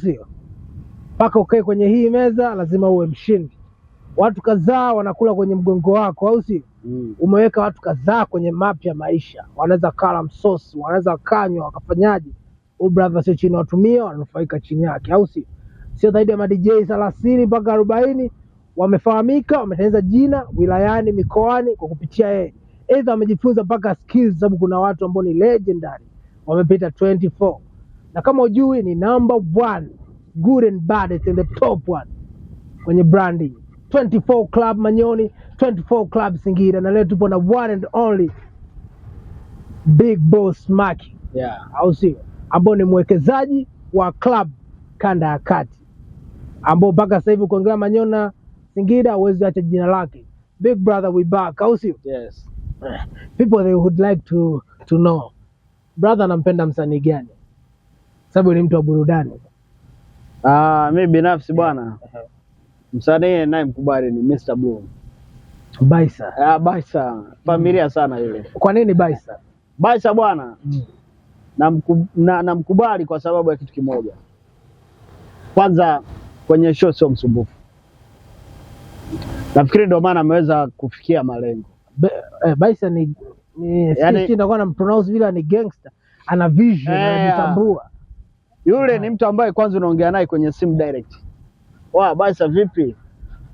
sio? Mpaka ukae kwenye hii meza lazima uwe mshindi. Watu kadhaa wanakula kwenye mgongo wako, au sio? Mm. Umeweka watu kadhaa kwenye map ya maisha, wanaweza kala msosi, wanaweza kanywa, wakafanyaje. Huyu brother sio chini watumia wananufaika chini yake, au sio? Sio zaidi ya madj thelathini mpaka arobaini wamefahamika, wametengeneza jina wilayani, mikoani kwa kupitia yeye, aidha wamejifunza mpaka skills, sababu kuna watu ambao ni legendary wamepita 24 na kama ujui ni number one good and bad, it's in the top one kwenye branding 24 Club Manyoni, 24 Club singira na leo tupo na one and only Big Boss Maki, yeah, au sio, ambao ni mwekezaji wa club kanda ya kati, ambao mpaka sasa hivi ukiongea Manyoni na Singida huwezi acha jina lake. Big brother we back, au sio? Yes. People they would like to to know brother anampenda msanii gani? sababu ni mtu wa burudani. Ah, mimi binafsi bwana, msanii naye mkubali ni Mr Blue. Baisa. Ah, Baisa familia mm. sana yule. Kwa nini Baisa? Baisa bwana mm. namkubali na, mkubali kwa sababu ya kitu kimoja. Kwanza kwenye show sio msumbufu, nafikiri ndio maana ameweza kufikia malengo. Eh, Baisa ni, ni yani, sisi tunakuwa na mpronounce vile ni gangster, ana vision, eh, anajitambua. Yule ah. ni mtu ambaye kwanza unaongea naye kwenye simu direct. Wa basi vipi?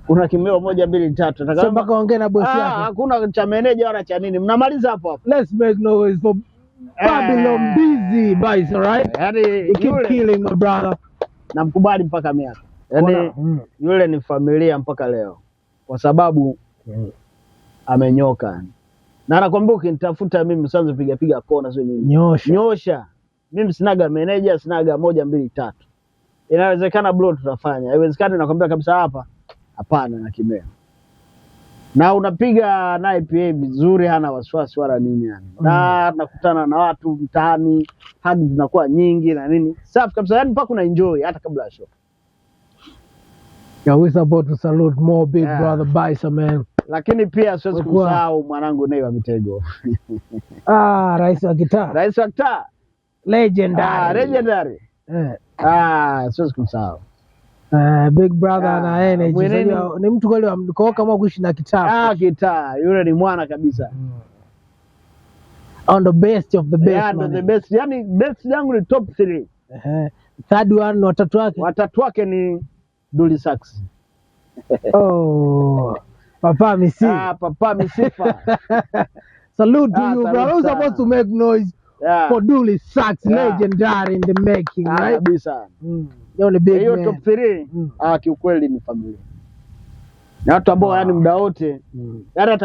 Kuna kimeo moja mbili tatu. Nataka mpaka ongea na bosi ah, yako. Ah, hakuna cha meneja wala cha nini. Mnamaliza hapo hapo. Let's make noise for eh. Babylon busy boys, right? Yaani you keep killing my brother. Namkubali mpaka miaka. Yaani mm. yule ni familia mpaka leo. Kwa sababu mm. amenyoka. Na nakwambia ukinitafuta mimi sasa piga piga kona sio nini. Nyosha. Nyosha mimi sinaga meneja, sinaga moja mbili tatu. Inawezekana bro, tutafanya. Haiwezekani nakwambia kabisa hapa hapana na kimea. Na unapiga naye pia vizuri, hana wasiwasi wala nini yani. Mm. Na nakutana na watu mtaani, hadi zinakuwa nyingi na nini. Safi kabisa yani mpaka una enjoy hata kabla ya show. Yeah, we support to salute more big yeah. brother Baisa man. Lakini pia siwezi kumsahau mwanangu Nay wa Mitego. ah, rais wa kitaa. Rais wa kitaa legendary. Ah, legendary. Eh. Ah, siwezi kumsahau. Uh, Big Brother na ah, ni mtu kweli wa kama kuishi na kitaa. Ah, kitaa. Yule ni mwana kabisa. Mm. On oh, the best of the best. Yeah, the best. Yaani best yangu ni top 3. Eh. Third one watatu wake. Watatu wake ni Dully Sax. oh. Papa Ah, Papa Misifa. Salute to ah, you, bro. You're supposed to make noise yeah. For Dully yeah. legendary in the making ah, right kabisa mm. Yo ni big hiyo top 3 mm. Ah, kiukweli ni familia na watu ambao ah. yani muda wote mm. Yaani